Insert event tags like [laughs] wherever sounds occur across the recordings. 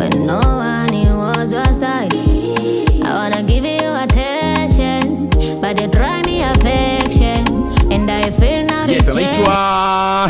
when no one was your side. I wanna give you attention, but they try me affection, and I feel not yes, anaitwa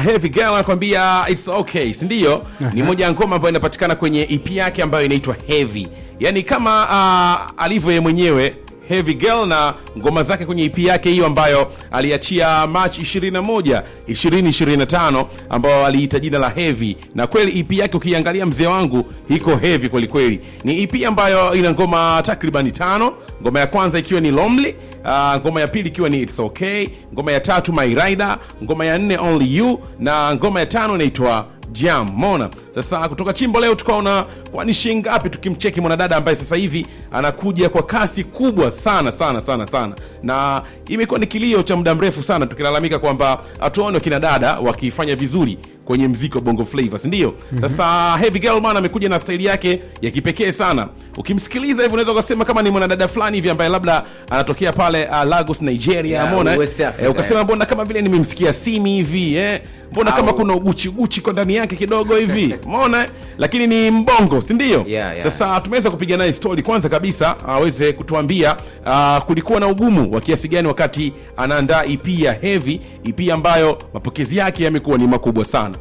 Heavy Girl anakuambia it's okay, si ndio? Ni moja ya ngoma ambayo inapatikana kwenye EP yake ambayo inaitwa Heavy, yaani kama uh, alivyo yeye mwenyewe Heavy Girl na ngoma zake kwenye EP yake hiyo ambayo aliachia mach 21, 2025 ambayo aliita jina la Heavy. Na kweli EP yake ukiangalia, mzee wangu, iko heavy kweli kweli. Ni EP ambayo ina ngoma takriban tano, ngoma ya kwanza ikiwa ni Lonely, Uh, ngoma ya pili ikiwa ni It's Okay, ngoma ya tatu My Rider, ngoma ya nne Only You na ngoma ya tano inaitwa Jam. Mona sasa, kutoka chimbo leo tukaona kwa ni ngapi, tukimcheki mwanadada ambaye sasa hivi anakuja kwa kasi kubwa sana sana sana sana, na imekuwa ni kilio cha muda mrefu sana tukilalamika kwamba hatuoni wakina dada wakifanya vizuri kwenye mziki wa bongo flava sindio mm-hmm. sasa heavy gelman amekuja na staili yake ya kipekee sana ukimsikiliza hivi unaweza ukasema kama ni mwanadada fulani hivi ambaye labda anatokea pale uh, lagos nigeria yeah, mona eh, ukasema eh. mbona kama vile nimemsikia simi hivi eh? mbona kama kuna uguchiguchi kwa ndani yake kidogo hivi [laughs] mona lakini ni mbongo sindio yeah, yeah. sasa tumeweza kupiga naye stori kwanza kabisa aweze kutuambia uh, kulikuwa na ugumu wa kiasi gani wakati anaandaa ip e ya hevi ip e ambayo mapokezi yake yamekuwa ni makubwa sana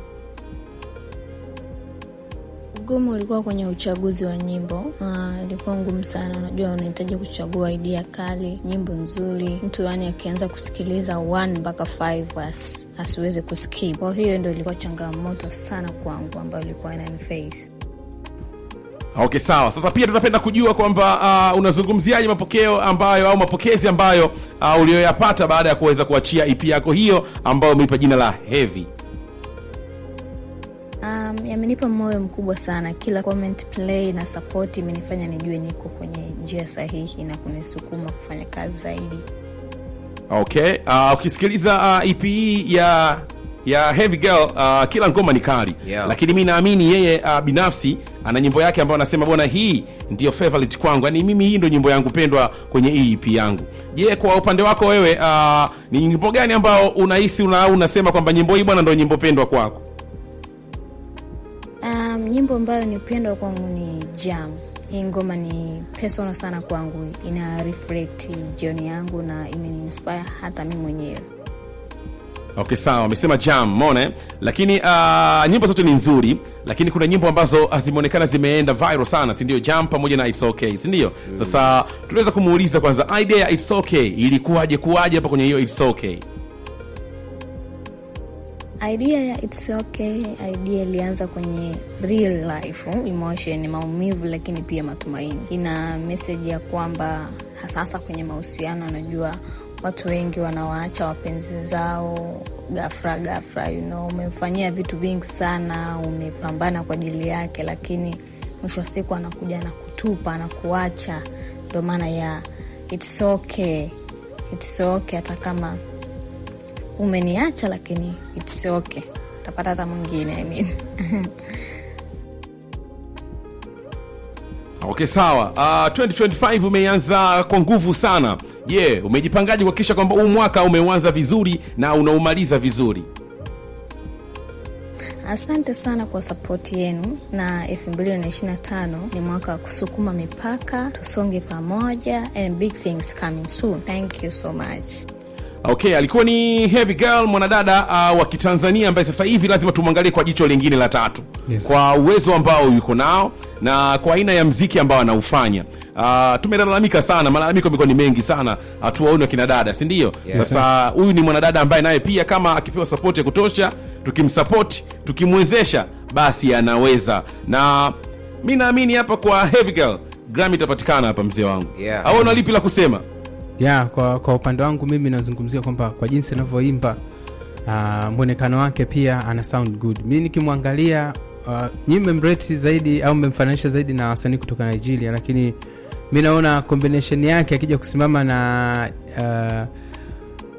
Ugumu ulikuwa kwenye uchaguzi wa nyimbo. Ah, ilikuwa ngumu sana. Unajua, unahitaji kuchagua idea kali, nyimbo nzuri. Mtu yani akianza kusikiliza one mpaka five as, asiweze kuskip. Kwa hiyo ndo ilikuwa changamoto sana kwangu ambayo ilikuwa inaniface. Okay, sawa. Sasa pia tunapenda kujua kwamba uh, unazungumziaje mapokeo ambayo au mapokezi ambayo uh, uliyoyapata baada ya kuweza kuachia EP yako hiyo ambayo umeipa jina la Heavy? Um, yamenipa moyo mkubwa sana. Kila comment, play na support imenifanya nijue niko kwenye njia sahihi na kunisukuma kufanya kazi zaidi. Okay, uh, ukisikiliza uh, uh, e EP ya ya Heavy Girl uh, kila ngoma ni kali yeah. Lakini mi naamini yeye uh, binafsi ana nyimbo yake ambayo anasema bwana, hii ndiyo favorite kwangu, yaani mimi hii ndio nyimbo yangu pendwa kwenye hii EP yangu. Je, kwa upande wako wewe uh, ni nyimbo gani ambayo unahisi una, unasema kwamba nyimbo hii bwana ndio nyimbo pendwa kwako? Um, nyimbo ambayo ni pendwa kwangu ni Jam. Hii ngoma ni personal sana kwangu, ina reflect jioni yangu na imeniinspire hata mi mwenyewe. ok sawa, amesema Jam mone, lakini uh, nyimbo zote ni nzuri, lakini kuna nyimbo ambazo zimeonekana zimeenda viral sana, sindio Jam pamoja na It's Okay, sindio Mm. Sasa tunaweza kumuuliza kwanza, idea ya It's Okay ilikuwaje, kuwaje hapa kwenye hiyo It's Okay? Idea ya It's Okay, idea ilianza kwenye real life hmm? emotion, maumivu lakini pia matumaini. Ina meseji ya kwamba hasahasa kwenye mahusiano, anajua watu wengi wanawaacha wapenzi zao gafra gafra you know, umemfanyia vitu vingi sana, umepambana kwa ajili yake, lakini mwisho wa siku anakuja na kuacha ndo maana ya It's Okay, It's Okay, hata kama umeniacha, lakini it's okay, utapata hata mwingine I mean. [laughs] Okay, sawa. Uh, ah, 2025 umeanza kwa nguvu sana. Je, yeah, umejipangaje kuhakikisha kwamba huu mwaka umeuanza vizuri na unaumaliza vizuri? Asante sana kwa sapoti yenu, na 2025 ni mwaka wa kusukuma mipaka, tusonge pamoja and big things coming soon. Thank you so much. Okay, alikuwa ni Heavy Girl mwanadada uh, wa Kitanzania ambaye sasa hivi lazima tumwangalie kwa jicho lingine la tatu. Yes. Kwa uwezo ambao yuko nao na kwa aina ya mziki ambao anaufanya. Uh, tumelalamika sana, malalamiko yamekuwa ni mengi sana. Hatuwaoni uh, wakina dada, si ndio? Yes. Sasa huyu ni mwanadada ambaye naye pia kama akipewa support ya kutosha, tukimsupport, tukimwezesha basi anaweza. Na mimi naamini hapa kwa Heavy Girl gram itapatikana hapa mzee wangu. Yeah. Au lipi la kusema? yeah, kwa, kwa upande wangu mimi nazungumzia kwamba kwa jinsi anavyoimba uh, mwonekano wake pia ana sound good. Mi nikimwangalia uh, ah, nyi memrate zaidi au mmemfananisha zaidi na wasanii kutoka Nigeria, lakini mi naona combination yake akija kusimama na uh,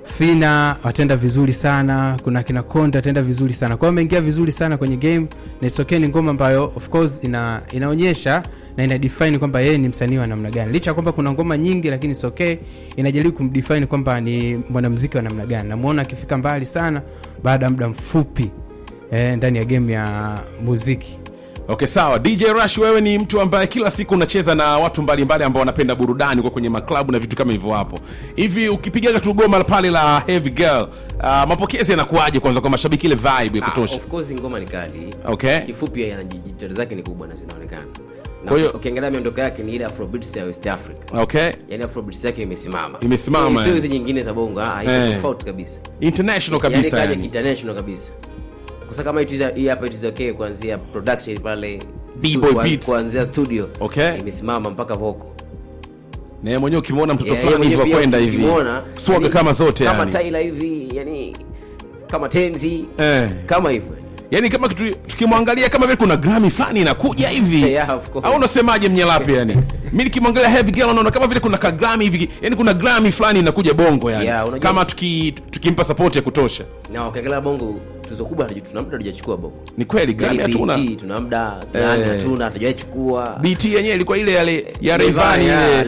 Fina wataenda vizuri sana, kuna kina Konda ataenda vizuri sana. Kwa hiyo ameingia vizuri sana kwenye game na isokee ni ngoma ambayo of course ina, inaonyesha na ina define kwamba yeye ni msanii wa namna gani, licha ya kwamba kuna ngoma nyingi, lakini it's okay, inajaribu kumdefine kwamba ni mwanamuziki wa namna gani. Namuona akifika mbali sana baada ya muda mfupi eh, ndani ya game ya muziki. Okay, sawa. DJ Rush, wewe ni mtu ambaye kila siku unacheza na watu mbalimbali ambao wanapenda burudani kwa kwenye maklabu na vitu kama hivyo hapo hivi, ukipigaga tu goma pale la Heavy Girl, uh, mapokezi yanakuaje kwanza kwa mashabiki, ile vibe ya ah, kutosha? Ah, of course ngoma ni kali. Okay, kifupi, ya jitihada zake ni kubwa na zinaonekana ukiangalia miondoko yake ni ile afrobeats ya West Africa. Okay. yani afrobeats yake imesimama. Imesimama. Sio hizo nyingine za bongo, ah, eh. tofauti kabisa. International yaani kabisa. yani kaja international kabisa. Kwa sababu kama itiza hii hapa itiza okay kuanzia production pale B-boy beats kuanzia studio. Okay. Imesimama mpaka huko. Na mwenyewe ukimwona mtoto eh, fulani hivyo kwenda hivi. swaga kama zote yani. Kama Tyla hivi, yani kama Temzi. Eh. Kama hivyo yani kama tukimwangalia kama vile kuna grami fulani inakuja hivi yeah, au unasemaje mnyalapi yani mimi nikimwangalia Heavy Girl naona kama vile kuna ka hivi yani kuna grami fulani inakuja bongo yani yeah, kama tukimpa tuki support ya kutosha na no, ukiangalia bongo tuzo kubwa tuna muda hatujachukua bongo. Ni kweli yaani Grammy hatuna. Tuna muda Grammy eh. hatuna hatujachukua. BT yenyewe ilikuwa ile ya, ya revani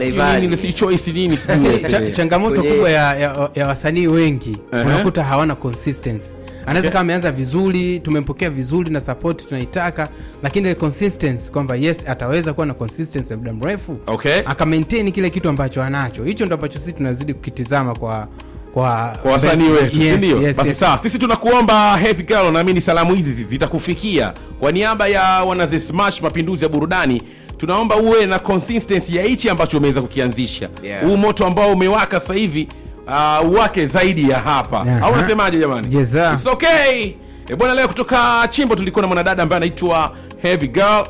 ile ile si choice nini sijui. [laughs] Changamoto kubwa ya ya, ya wasanii wengi unakuta hawana consistency. Anaweza kama ameanza vizuri, tumempokea vizuri na support tunaitaka, lakini ile consistency kwamba yes ataweza kuwa na consistency muda mrefu. Okay. Aka maintain kile kitu ambacho anacho. Hicho ndio ambacho sisi tunazidi kukitizama kwa kwa wasanii wetu, yes, sindio? Yes, basi yes. Sawa, sisi tunakuomba Heavy Girl, naamini salamu hizi zitakufikia. Kwa niaba ya wanazesmash Smash mapinduzi ya burudani tunaomba uwe na consistency ya hichi ambacho umeweza kukianzisha huu yeah. moto ambao umewaka sasa hivi uh, wake zaidi ya hapa au uh-huh. Unasemaje jamani? Yes, It's okay. E bwana, leo kutoka chimbo tulikuwa na mwanadada ambaye anaitwa Heavy Girl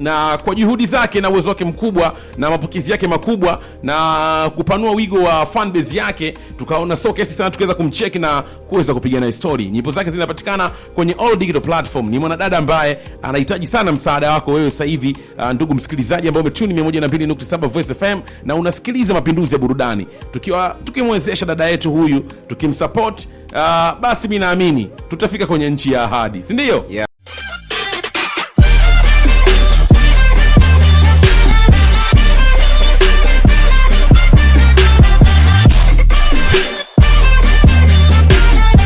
na kwa juhudi zake na uwezo wake mkubwa na mapokezi yake makubwa na kupanua wigo wa fanbase yake, tukaona so kesi sana tukaweza kumcheki na kuweza kupiga naye story. Nyimbo zake zinapatikana kwenye all digital platform. Ni mwanadada ambaye anahitaji sana msaada wako wewe sasa hivi, uh, ndugu msikilizaji ambaye umetuni 102.7 Voice FM na unasikiliza Mapinduzi ya Burudani, tukiwa tukimwezesha dada yetu huyu tukimsupport, uh, basi mimi naamini tutafika kwenye nchi ya ahadi, si ndio? yeah.